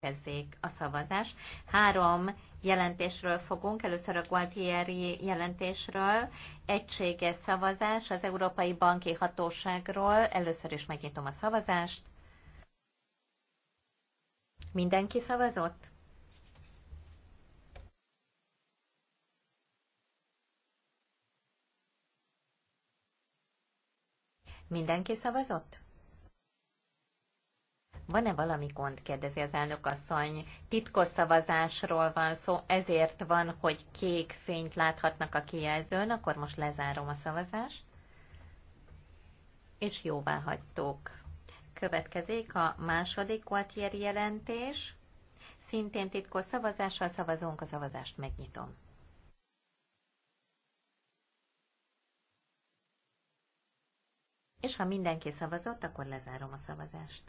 Kezdjék a szavazás. Három jelentésről fogunk, először a Gualtieri jelentésről, egységes szavazás az Európai Banki Hatóságról, először is megnyitom a szavazást. Mindenki szavazott? Mindenki szavazott? Van-e valami gond, kérdezi az elnök asszony. Titkos szavazásról van szó, ezért van, hogy kék fényt láthatnak a kijelzőn, akkor most lezárom a szavazást. És jóvá hagytuk. Következik a második Gualtieri jelentés. Szintén titkos szavazással szavazunk, a szavazást megnyitom. És ha mindenki szavazott, akkor lezárom a szavazást.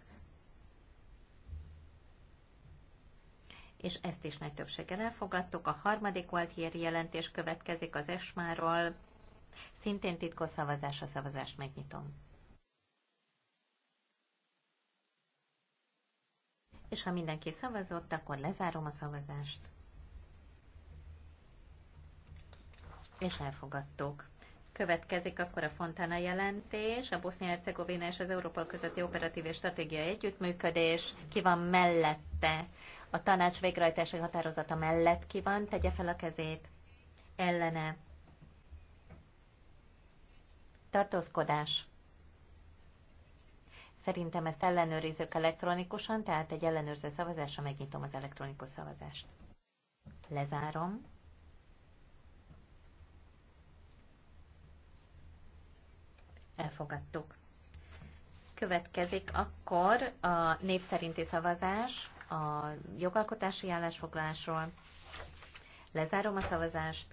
és ezt is nagy többséggel elfogadtuk. A harmadik Gualtieri jelentés következik az esmáról. Szintén titkos szavazás, a szavazást megnyitom. És ha mindenki szavazott, akkor lezárom a szavazást. És elfogadtuk. Következik akkor a Fontana jelentés, a Bosznia-Hercegovina és az Európa közötti operatív és stratégiai együttműködés. Ki van mellette? A tanács végrehajtási határozata mellett ki van? Tegye fel a kezét. Ellene. Tartózkodás. Szerintem ezt ellenőrizzük elektronikusan, tehát egy ellenőrző szavazásra megnyitom az elektronikus szavazást. Lezárom. elfogadtuk. Következik akkor a népszerinti szavazás a jogalkotási állásfoglalásról. Lezárom a szavazást.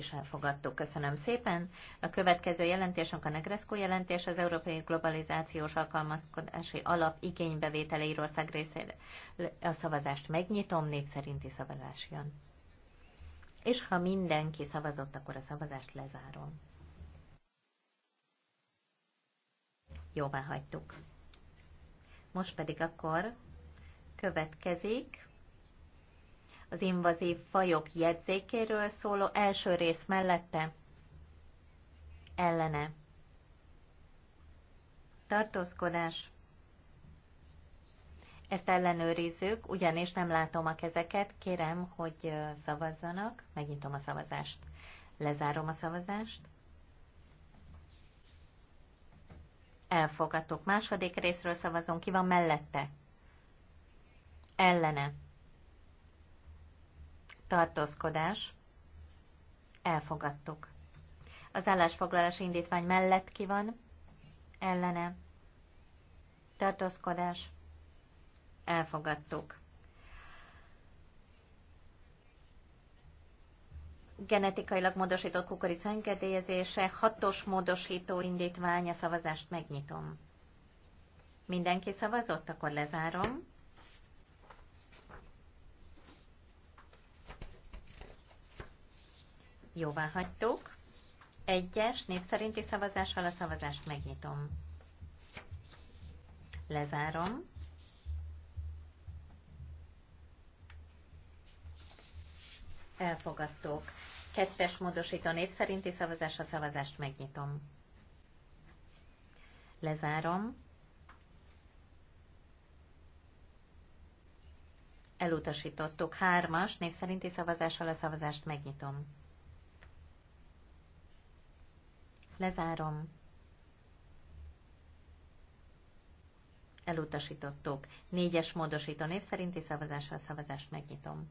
is elfogadtuk. Köszönöm szépen. A következő jelentésünk a Negresco jelentés az Európai Globalizációs Alkalmazkodási Alap igénybevétele Írország részére. A szavazást megnyitom, népszerinti szavazás jön. És ha mindenki szavazott, akkor a szavazást lezárom. Jóvá hagytuk. Most pedig akkor következik az invazív fajok jegyzékéről szóló első rész mellette ellene. Tartózkodás. Ezt ellenőrizzük, ugyanis nem látom a kezeket. Kérem, hogy szavazzanak. Megnyitom a szavazást. Lezárom a szavazást. Elfogadtuk. Második részről szavazunk. Ki van mellette? Ellene tartózkodás, elfogadtuk. Az állásfoglalási indítvány mellett ki van, ellene, tartózkodás, elfogadtuk. Genetikailag módosított kukoric engedélyezése, hatos módosító indítvány, a szavazást megnyitom. Mindenki szavazott, akkor lezárom. Jóvá hagytuk. Egyes népszerinti szavazással a szavazást megnyitom. Lezárom. Elfogadtuk. Kettes módosító népszerinti szavazás a szavazást megnyitom. Lezárom. Elutasítottuk. Hármas név szerinti szavazással a szavazást megnyitom. Lezárom. Elutasítottuk. Négyes módosító név szerinti szavazással szavazást megnyitom.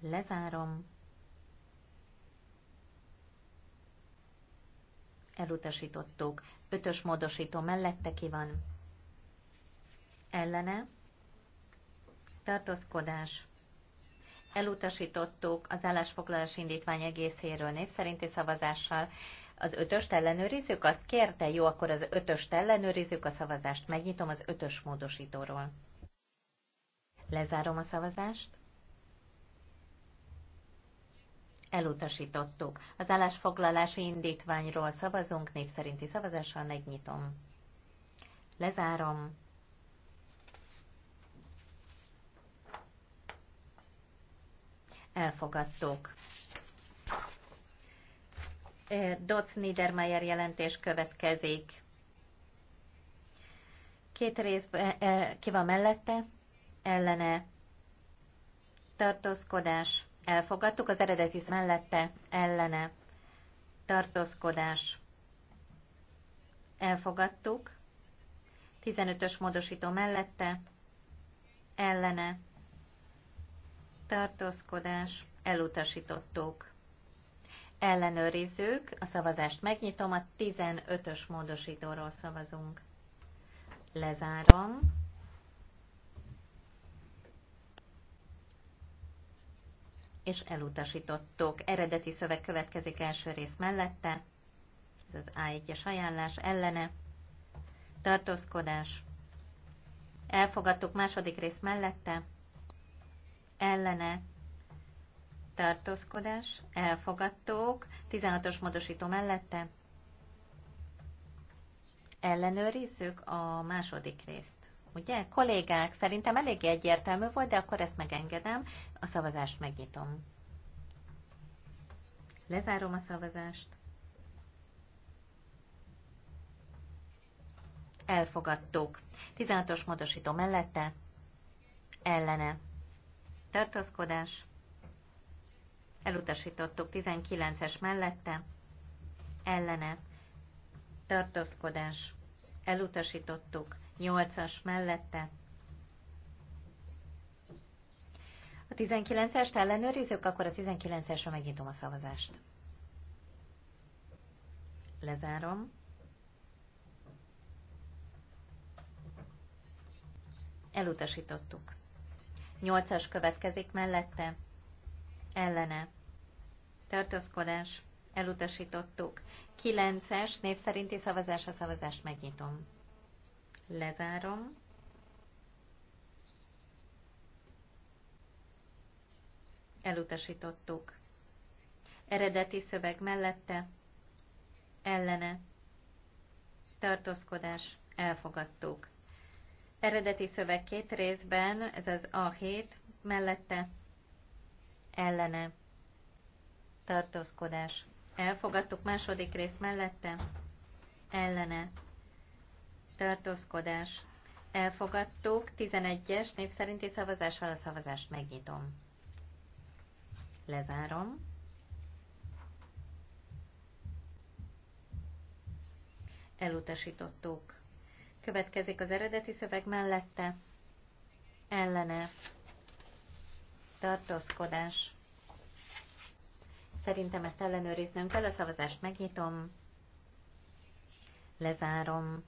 Lezárom. Elutasítottuk. Ötös módosító mellette ki van. Ellene. Tartózkodás elutasítottuk az állásfoglalás indítvány egészéről név szerinti szavazással. Az ötöst ellenőrizzük? Azt kérte, jó, akkor az ötöst ellenőrizzük a szavazást. Megnyitom az ötös módosítóról. Lezárom a szavazást. Elutasítottuk. Az állásfoglalási indítványról szavazunk, név szerinti szavazással megnyitom. Lezárom. elfogadtuk. Dotz Niedermayer jelentés következik. Két rész ki van mellette, ellene tartózkodás, elfogadtuk az eredeti mellette, ellene tartózkodás, elfogadtuk, 15-ös módosító mellette, ellene tartózkodás, elutasítottuk. Ellenőrizzük, a szavazást megnyitom, a 15-ös módosítóról szavazunk. Lezárom. És elutasítottuk. Eredeti szöveg következik első rész mellette. Ez az A1-es ajánlás ellene. Tartózkodás. Elfogadtuk második rész mellette ellene tartózkodás, elfogadtók, 16-os módosító mellette. Ellenőrizzük a második részt. Ugye, kollégák, szerintem eléggé egyértelmű volt, de akkor ezt megengedem, a szavazást megnyitom. Lezárom a szavazást. Elfogadtuk. 16-os módosító mellette. Ellene tartózkodás, elutasítottuk 19-es mellette, ellene, tartózkodás, elutasítottuk 8-as mellette. A 19-est ellenőrizzük, akkor a 19-esre megnyitom a szavazást. Lezárom. Elutasítottuk. Nyolcas következik mellette. Ellene. Tartózkodás. Elutasítottuk. Kilences név szerinti szavazás. A szavazást megnyitom. Lezárom. Elutasítottuk. Eredeti szöveg mellette. Ellene. Tartózkodás. Elfogadtuk. Eredeti szöveg két részben, ez az A7, mellette ellene tartózkodás. Elfogadtuk második rész mellette ellene tartózkodás. Elfogadtuk 11-es név szerinti szavazással a szavazást megnyitom. Lezárom. Elutasítottuk Következik az eredeti szöveg mellette, ellene, tartózkodás. Szerintem ezt ellenőriznünk kell, a szavazást megnyitom, lezárom.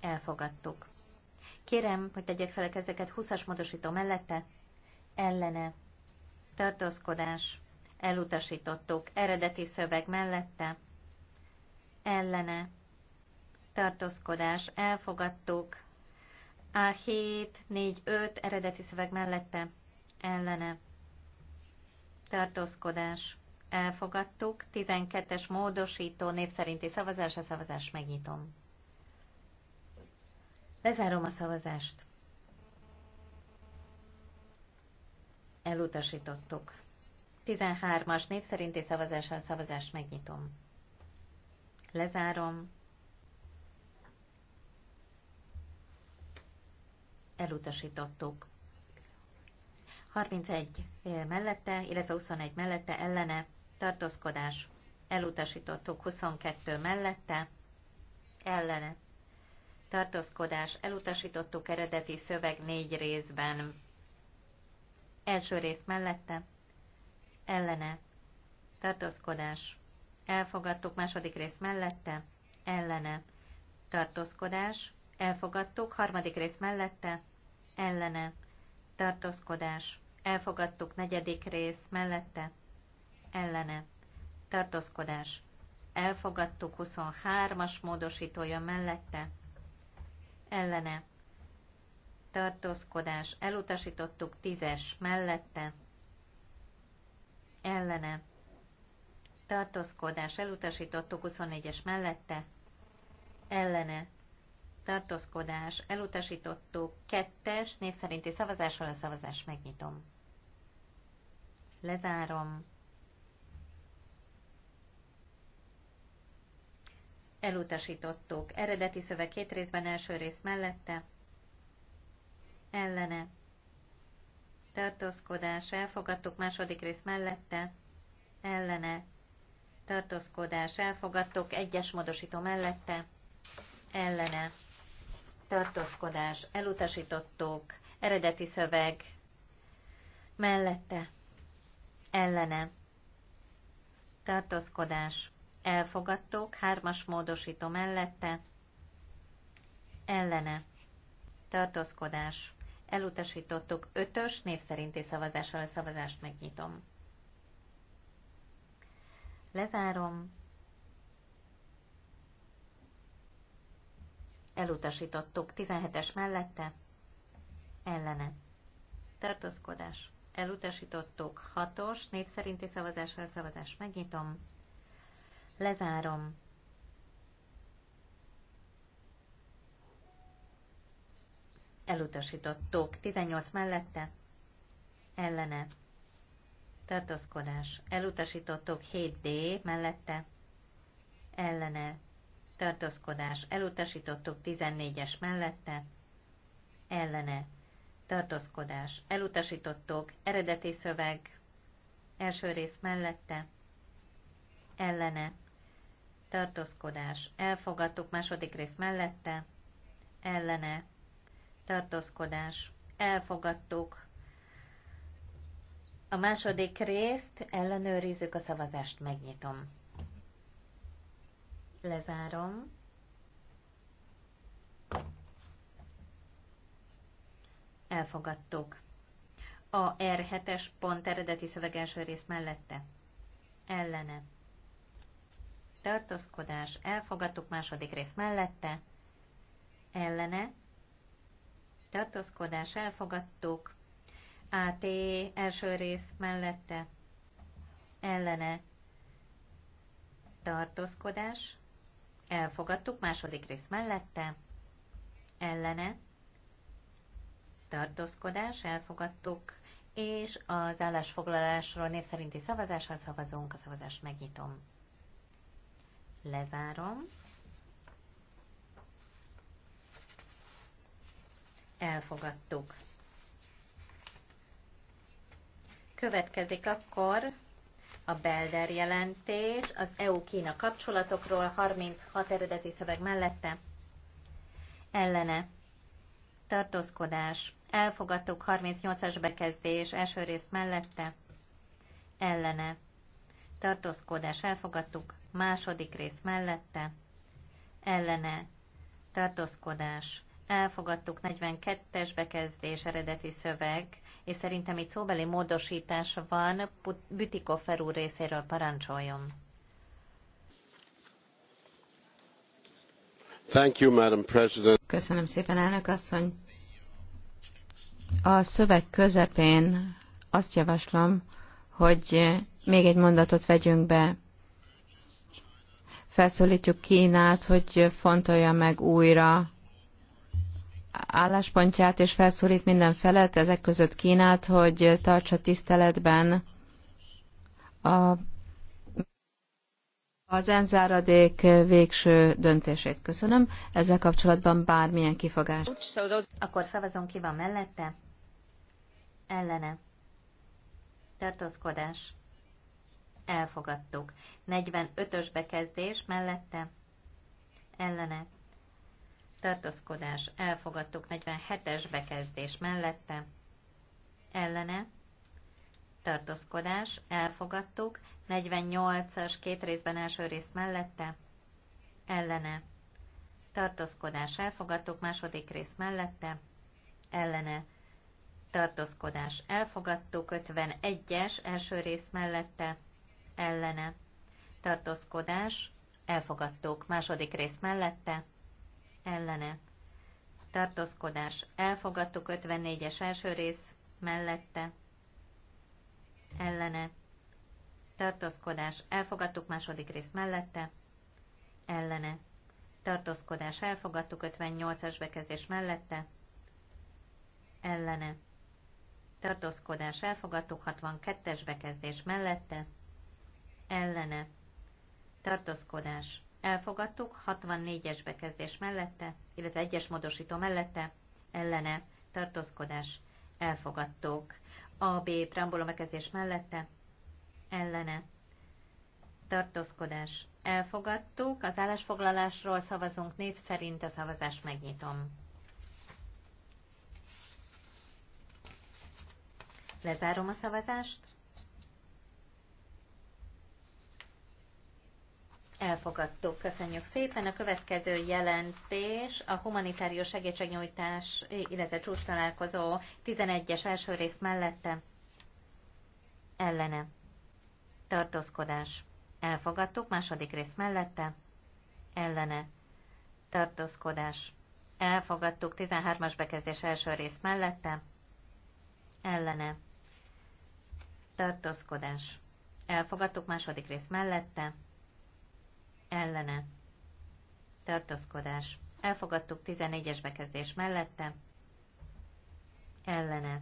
Elfogadtuk. Kérem, hogy tegyék fel a kezeket 20-as módosító mellette, ellene, tartózkodás, elutasítottuk, eredeti szöveg mellette, ellene tartózkodás elfogadtuk. A7, 4, 5 eredeti szöveg mellette ellene tartózkodás elfogadtuk. 12-es módosító név szerinti szavazás, a szavazás megnyitom. Lezárom a szavazást. Elutasítottuk. 13-as név szerinti szavazással szavazást megnyitom. Lezárom. Elutasítottuk. 31 mellette, illetve 21 mellette ellene tartózkodás. Elutasítottuk 22 mellette ellene tartózkodás. Elutasítottuk eredeti szöveg négy részben. Első rész mellette ellene tartózkodás elfogadtuk, második rész mellette, ellene, tartózkodás, elfogadtuk, harmadik rész mellette, ellene, tartózkodás, elfogadtuk, negyedik rész mellette, ellene, tartózkodás, elfogadtuk, 23-as módosítója mellette, ellene, tartózkodás, elutasítottuk, 10-es mellette, ellene, tartózkodás elutasítottuk 24-es mellette, ellene tartózkodás elutasítottuk kettes név szerinti szavazással a szavazást megnyitom. Lezárom. Elutasítottuk. Eredeti szöveg két részben, első rész mellette. Ellene. Tartózkodás. Elfogadtuk második rész mellette. Ellene tartózkodás elfogadtok, egyes módosító mellette, ellene, tartózkodás elutasítottuk, eredeti szöveg mellette, ellene, tartózkodás elfogadtok, hármas módosító mellette, ellene, tartózkodás elutasítottuk, ötös név szerinti szavazással a szavazást megnyitom. Lezárom. Elutasítottuk 17-es mellette. Ellene. Tartózkodás. Elutasítottuk 6-os név szerinti szavazás, felszavazás. Megnyitom. Lezárom. Elutasítottuk 18 mellette. Ellene tartózkodás. Elutasítottuk 7D mellette ellene tartózkodás. Elutasítottuk 14-es mellette ellene tartózkodás. Elutasítottuk eredeti szöveg első rész mellette ellene tartózkodás. Elfogadtuk második rész mellette ellene tartózkodás. Elfogadtuk a második részt ellenőrizzük, a szavazást megnyitom. Lezárom. Elfogadtuk. A R7-es pont eredeti szöveg első rész mellette. Ellene. Tartózkodás. Elfogadtuk második rész mellette. Ellene. Tartózkodás. Elfogadtuk. AT első rész mellette ellene tartózkodás, elfogadtuk második rész mellette, ellene tartózkodás, elfogadtuk, és az állásfoglalásról név szerinti szavazással szavazunk, a szavazást megnyitom. Lezárom. Elfogadtuk. Következik akkor a Belder jelentés az EU-Kína kapcsolatokról 36 eredeti szöveg mellette. Ellene. Tartózkodás. Elfogadtuk 38-as bekezdés első rész mellette. Ellene. Tartózkodás. Elfogadtuk második rész mellette. Ellene. Tartózkodás elfogadtuk 42-es bekezdés eredeti szöveg, és szerintem itt szóbeli módosítás van, Bütikofer Ferú részéről parancsoljon. Thank you, Madam President. Köszönöm szépen, elnök asszony. A szöveg közepén azt javaslom, hogy még egy mondatot vegyünk be. Felszólítjuk Kínát, hogy fontolja meg újra álláspontját, és felszólít minden felet, ezek között Kínát, hogy tartsa tiszteletben a, az enzáradék végső döntését. Köszönöm. Ezzel kapcsolatban bármilyen kifogás. Akkor szavazom ki van mellette. Ellene. Tartózkodás. Elfogadtuk. 45-ös bekezdés mellette. Ellene tartózkodás, elfogadtuk 47-es bekezdés mellette, ellene, tartózkodás, elfogadtuk 48-as két részben első rész mellette, ellene, tartózkodás, elfogadtuk második rész mellette, ellene, tartózkodás, elfogadtuk 51-es első rész mellette, ellene, tartózkodás, elfogadtuk második rész mellette, ellene tartózkodás. Elfogadtuk 54-es első rész mellette ellene tartózkodás. Elfogadtuk második rész mellette ellene tartózkodás. Elfogadtuk 58-as bekezdés mellette ellene tartózkodás. Elfogadtuk 62-es bekezdés mellette ellene tartózkodás elfogadtuk, 64-es bekezdés mellette, illetve egyes módosító mellette, ellene, tartózkodás, elfogadtuk. B preambula bekezdés mellette, ellene, tartózkodás, elfogadtuk. Az állásfoglalásról szavazunk név szerint, a szavazást megnyitom. Lezárom a szavazást. Elfogadtuk, köszönjük szépen. A következő jelentés a humanitárius segítségnyújtás, illetve csúcs találkozó 11-es első rész mellette ellene. Tartózkodás. Elfogadtuk, második rész mellette ellene. Tartózkodás. Elfogadtuk, 13-as bekezdés első rész mellette ellene. Tartózkodás. Elfogadtuk, második rész mellette ellene tartózkodás. Elfogadtuk 14-es bekezdés mellette ellene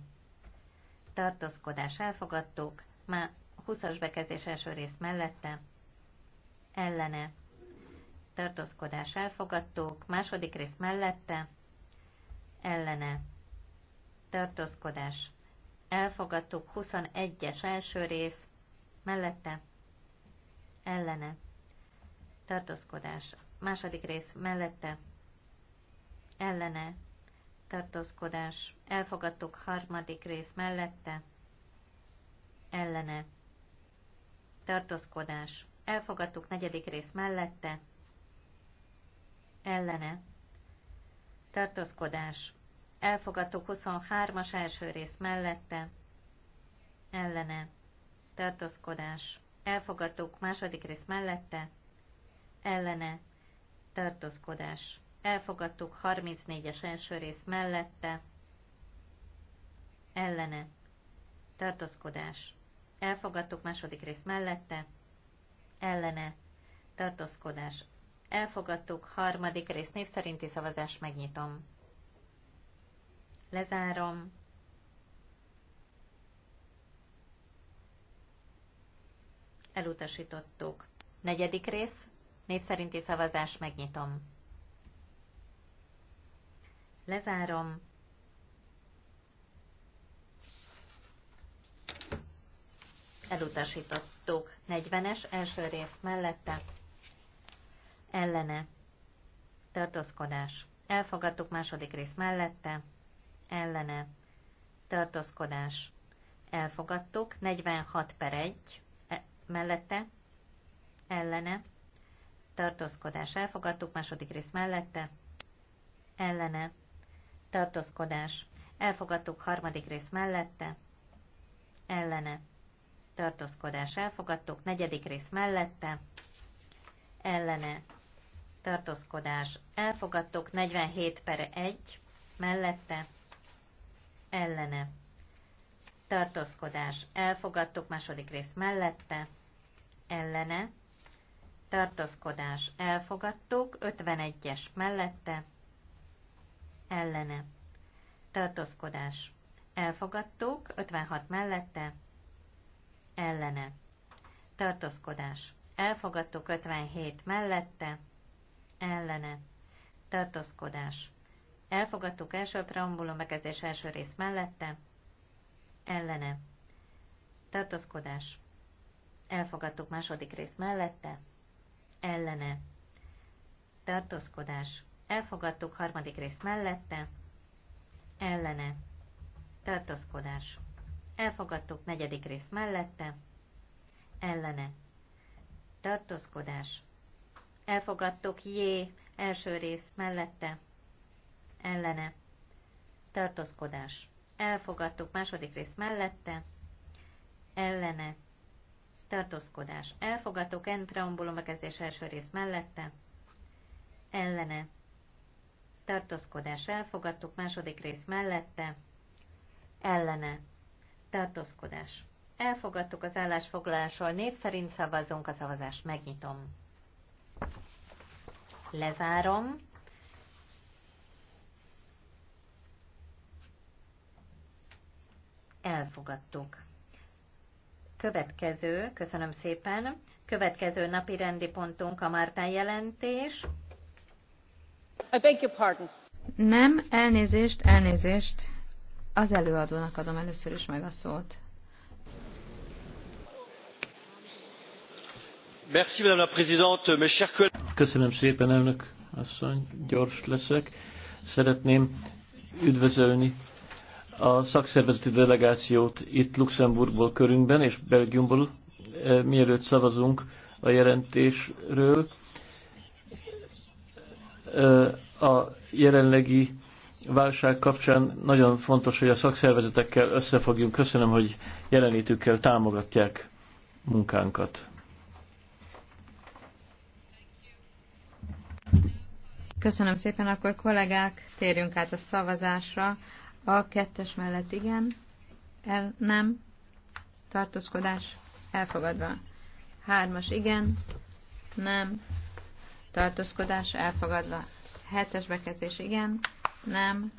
tartózkodás. Elfogadtuk már 20-as bekezdés első rész mellette ellene tartózkodás. Elfogadtuk második rész mellette ellene tartózkodás. Elfogadtuk 21-es első rész mellette ellene tartózkodás. Második rész mellette ellene tartózkodás. Elfogadtuk harmadik rész mellette ellene tartózkodás. Elfogadtuk negyedik rész mellette ellene tartózkodás. Elfogadtuk 23-as első rész mellette ellene tartózkodás. Elfogadtuk második rész mellette ellene tartózkodás. Elfogadtuk 34-es első rész mellette, ellene tartózkodás. Elfogadtuk második rész mellette, ellene tartózkodás. Elfogadtuk harmadik rész név szerinti szavazás megnyitom. Lezárom. Elutasítottuk. Negyedik rész Népszerinti szavazás megnyitom. Lezárom. Elutasítottuk. 40-es első rész mellette. Ellene. Tartózkodás. Elfogadtuk második rész mellette. Ellene. Tartózkodás. Elfogadtuk. 46 per 1 e, mellette. Ellene tartózkodás elfogadtuk, második rész mellette, ellene, tartózkodás elfogadtuk, harmadik rész mellette, ellene, tartózkodás elfogadtuk, negyedik rész mellette, ellene, tartózkodás elfogadtuk, 47 per 1, mellette, ellene, tartózkodás elfogadtuk, második rész mellette, ellene, tartózkodás elfogadtuk, 51-es mellette, ellene, tartózkodás elfogadtuk, 56 mellette, ellene, tartózkodás elfogadtuk, 57 mellette, ellene, tartózkodás elfogadtuk első preambulum bekezdés első rész mellette, ellene, tartózkodás elfogadtuk második rész mellette, ellene tartózkodás. Elfogadtuk harmadik rész mellette, ellene tartózkodás. Elfogadtuk negyedik rész mellette, ellene tartózkodás. Elfogadtuk J első rész mellette, ellene tartózkodás. Elfogadtuk második rész mellette, ellene tartózkodás. Elfogadtuk N preambulum bekezdés első rész mellette, ellene, tartózkodás. Elfogadtuk második rész mellette, ellene, tartózkodás. Elfogadtuk az állásfoglalásról, név szerint szavazunk, a szavazást megnyitom. Lezárom. Elfogadtuk. Következő, köszönöm szépen, következő napi rendi pontunk a Mártán jelentés. I beg your pardon. Nem, elnézést, elnézést. Az előadónak adom először is meg a szót. Merci, Madame la Présidente, mes chers collègues. Köszönöm szépen, elnök asszony, gyors leszek. Szeretném üdvözölni a szakszervezeti delegációt itt Luxemburgból körünkben és Belgiumból, eh, mielőtt szavazunk a jelentésről. Eh, a jelenlegi válság kapcsán nagyon fontos, hogy a szakszervezetekkel összefogjunk. Köszönöm, hogy jelenlétükkel támogatják munkánkat. Köszönöm szépen, akkor kollégák, térjünk át a szavazásra. A kettes mellett igen, el nem, tartózkodás elfogadva. Hármas igen, nem, tartózkodás elfogadva. Hetes bekezdés igen, nem,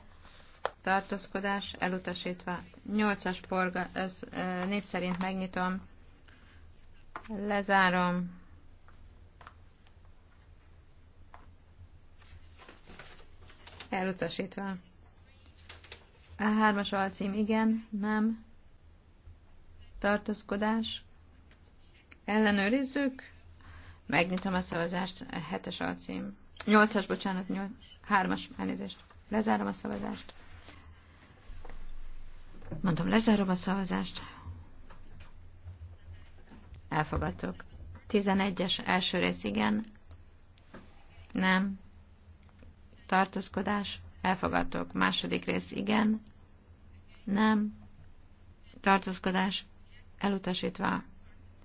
tartózkodás elutasítva. Nyolcas porga, ez név szerint megnyitom, lezárom. Elutasítva. A3-as alcím igen, nem, tartózkodás. Ellenőrizzük. Megnyitom a szavazást. 7 hetes alcím. 8-as, bocsánat, nyolc. 3-as, elnézést. Lezárom a szavazást. Mondom, lezárom a szavazást. Elfogadtok. 11-es első rész igen. Nem. Tartózkodás. Elfogadtok. Második rész igen. Nem. Tartózkodás. Elutasítva.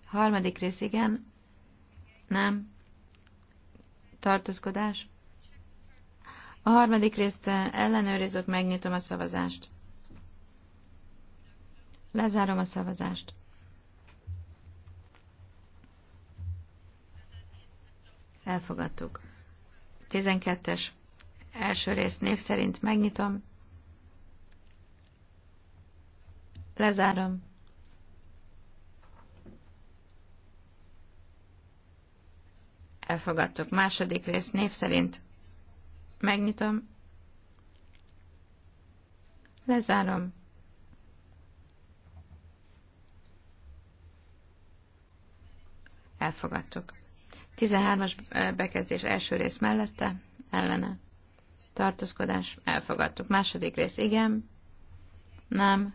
Harmadik rész igen. Nem. Tartózkodás. A harmadik részt ellenőrizök, megnyitom a szavazást. Lezárom a szavazást. Elfogadtuk. 12-es Első rész név szerint megnyitom. Lezárom. Elfogadtok. Második rész név szerint megnyitom. Lezárom. Elfogadtuk. 13-as eh, bekezdés első rész mellette, ellene tartózkodás, elfogadtuk. Második rész, igen, nem,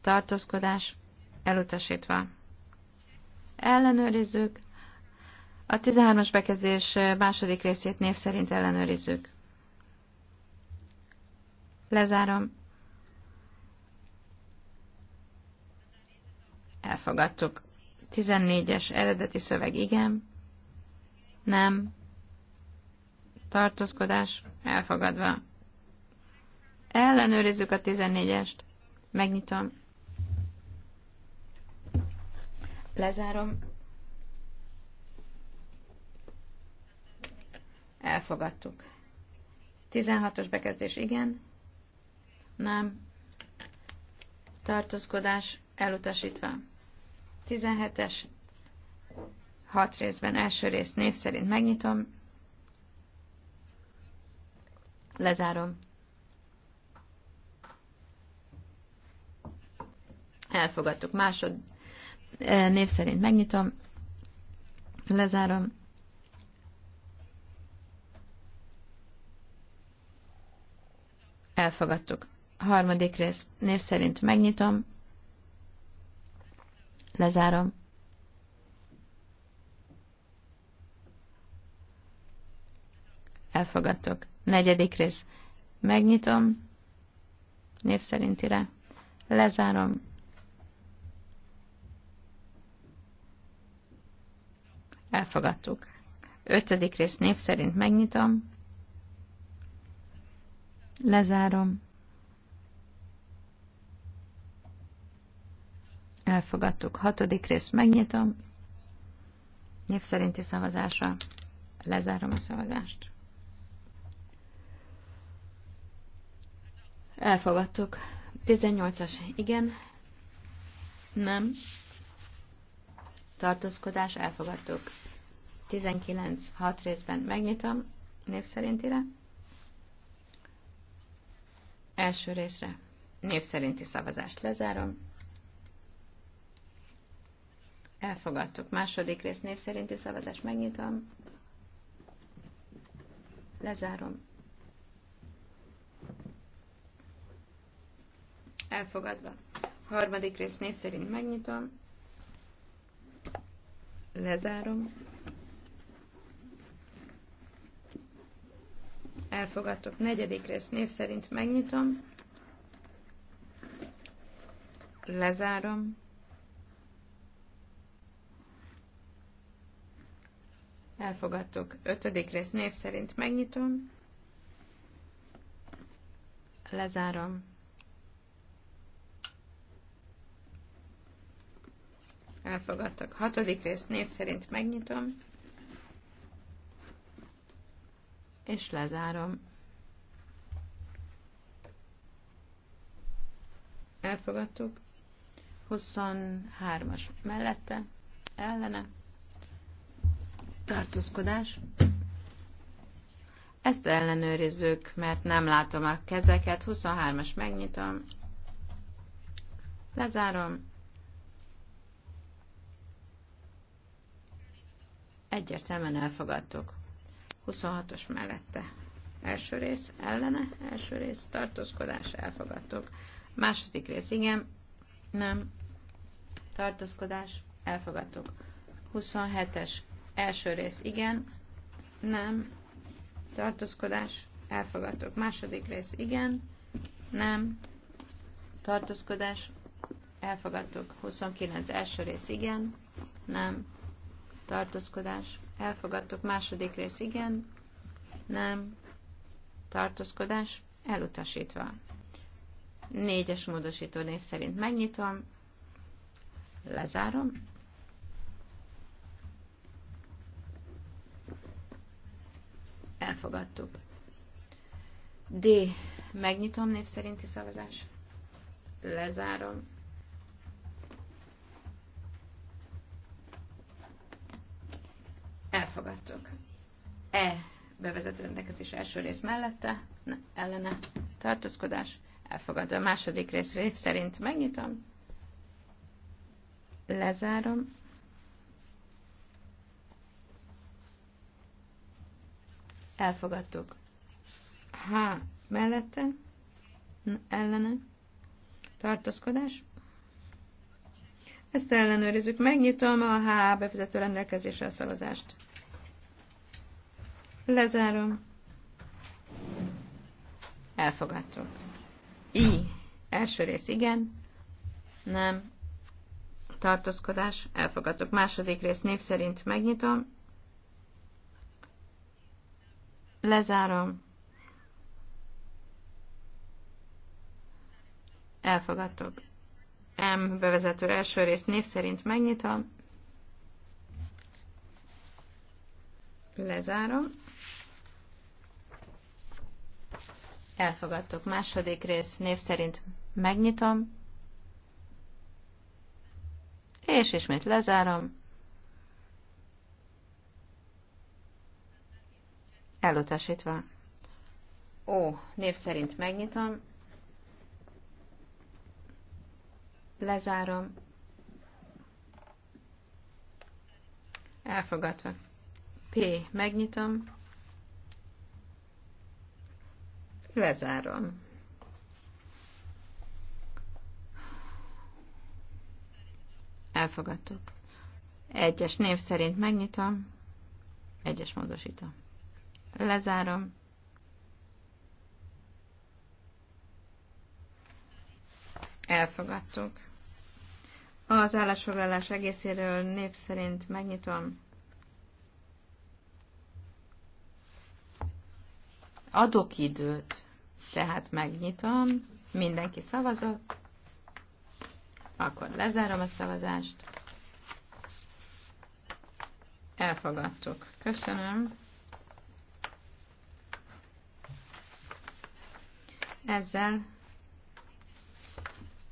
tartózkodás, elutasítva. Ellenőrizzük. A 13-as bekezdés eh, második részét név szerint ellenőrizzük. Lezárom. Elfogadtuk. 14-es eredeti szöveg igen. Nem tartózkodás elfogadva. Ellenőrizzük a 14-est. Megnyitom. Lezárom. Elfogadtuk. 16-os bekezdés igen. Nem. Tartózkodás elutasítva. 17-es. Hat részben első rész név szerint megnyitom. Lezárom. Elfogadtuk. Másod e, név szerint megnyitom. Lezárom. Elfogadtuk. Harmadik rész. Név szerint megnyitom. Lezárom. Elfogadtok. Negyedik rész. Megnyitom. Név szerintire. Lezárom. Elfogadtuk. Ötödik rész név szerint megnyitom. Lezárom. Elfogadtuk. Hatodik rész megnyitom. Név szerinti szavazásra. Lezárom a szavazást. Elfogadtuk. 18-as. Igen. Nem. Tartózkodás. Elfogadtuk. 19. 6 részben megnyitom. Név szerintire. Első részre. Név szerinti szavazást lezárom. Elfogadtuk. Második rész név szerinti szavazást megnyitom. Lezárom. Elfogadva. Harmadik rész név szerint megnyitom. Lezárom. Elfogadtok. Negyedik rész név szerint megnyitom. Lezárom. elfogadtok Ötödik rész név szerint megnyitom. Lezárom. elfogadtak. Hatodik rész név szerint megnyitom, és lezárom. Elfogadtuk. 23-as mellette, ellene, tartózkodás. Ezt ellenőrizzük, mert nem látom a kezeket. 23-as megnyitom, lezárom. Egyértelműen elfogadtuk. 26-os mellette. Első rész ellene, első rész tartózkodás, elfogadtuk. Második rész igen, nem, tartózkodás, elfogadtuk. 27-es első rész igen, nem, tartózkodás, elfogadtuk. Második rész igen, nem, tartózkodás, elfogadtuk. 29 első rész igen, nem, tartózkodás, elfogadtuk. Második rész igen, nem, tartózkodás, elutasítva. Négyes módosító név szerint megnyitom, lezárom. Elfogadtuk. D. Megnyitom név szerinti szavazás. Lezárom. hallgattok. E bevezető rendelkezés első rész mellette, ne, ellene tartózkodás elfogadva. A második rész szerint megnyitom, lezárom, elfogadtuk. H mellette, ellene, tartózkodás. Ezt ellenőrizzük. Megnyitom a H bevezető rendelkezésre a szavazást. Lezárom. Elfogadtuk. I. Első rész igen. Nem. Tartózkodás. Elfogadtuk. Második rész név szerint megnyitom. Lezárom. Elfogadtuk. M bevezető első rész név szerint megnyitom. Lezárom. Elfogadtuk. Második rész név szerint megnyitom, és ismét lezárom. Elutasítva. Ó, név szerint megnyitom, lezárom, elfogadva. P, megnyitom, Lezárom. Elfogadtuk. Egyes név szerint megnyitom. Egyes módosítom. Lezárom. Elfogadtuk. Az állásfoglalás egészéről név szerint megnyitom. Adok időt. Tehát megnyitom, mindenki szavazott, akkor lezárom a szavazást. Elfogadtuk. Köszönöm. Ezzel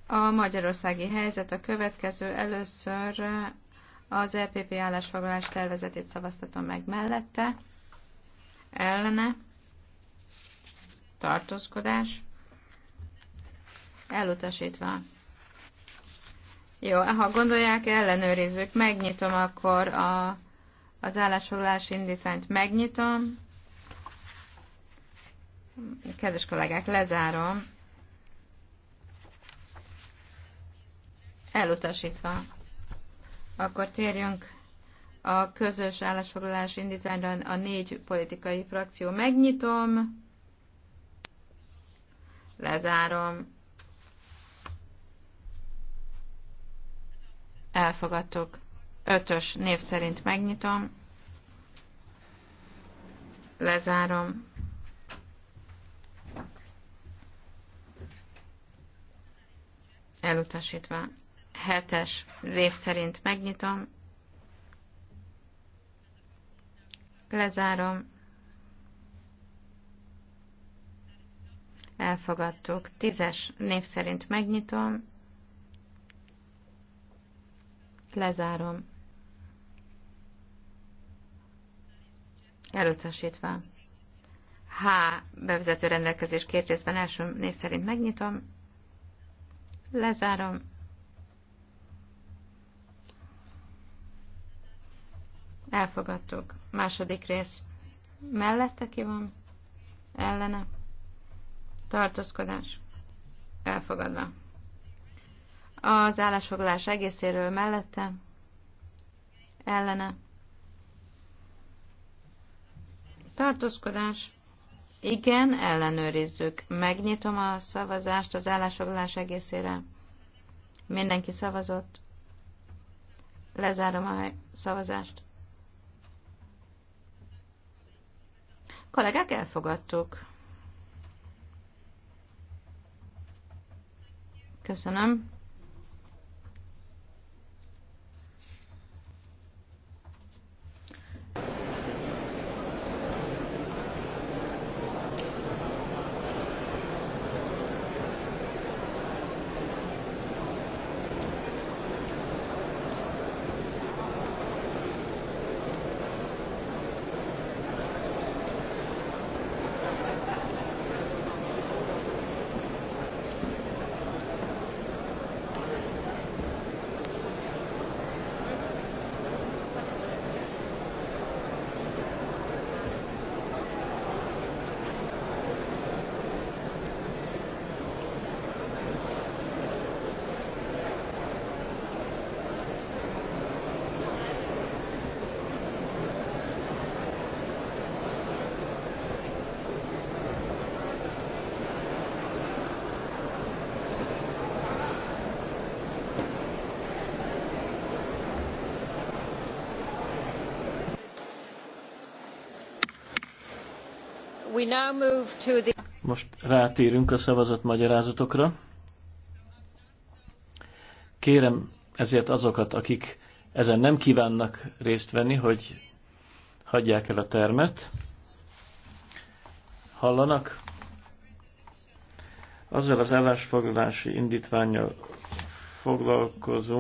a magyarországi helyzet a következő. Először az EPP állásfoglalás tervezetét szavaztatom meg mellette, ellene tartózkodás, elutasítva. Jó, ha gondolják, ellenőrizzük, megnyitom akkor a, az állásfoglalási indítványt, megnyitom. Kedves kollégák, lezárom. Elutasítva. Akkor térjünk a közös állásfoglalás indítványra a négy politikai frakció. Megnyitom. Lezárom. Elfogadtuk. Ötös név szerint megnyitom. Lezárom. Elutasítva. Hetes név szerint megnyitom. Lezárom. elfogadtuk. Tízes név szerint megnyitom, lezárom. Elutasítva. H. Bevezető rendelkezés két részben első név szerint megnyitom, lezárom. Elfogadtuk. Második rész. Mellette ki van? Ellene? tartózkodás elfogadva. Az állásfoglalás egészéről mellette, ellene, tartózkodás, igen, ellenőrizzük. Megnyitom a szavazást az állásfoglalás egészére. Mindenki szavazott. Lezárom a szavazást. Kollégák, elfogadtuk. Köszönöm. Most rátérünk a szavazatmagyarázatokra. Kérem ezért azokat, akik ezen nem kívánnak részt venni, hogy hagyják el a termet. Hallanak? Azzal az állásfoglalási indítványjal foglalkozunk,